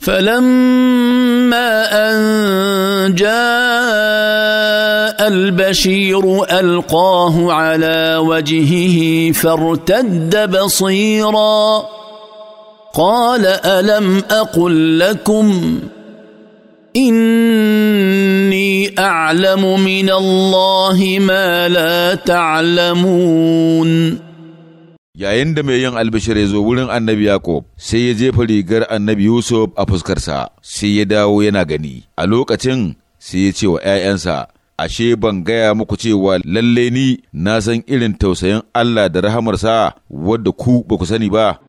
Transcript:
فلما أن جاء البشير ألقاه على وجهه فارتد بصيرا قال ألم أقل لكم إني أعلم من الله ما لا تعلمون Yayin da mai yin albishir ya zo wurin annabi Yaƙub, sai ya jefa rigar annabi Yusuf a fuskarsa, sai ya dawo yana gani. A lokacin sai ya ce wa ‘ya'yansa, Ashe ban gaya muku cewa lalle ni na san irin tausayin Allah da rahamarsa wadda ku ba ku sani ba.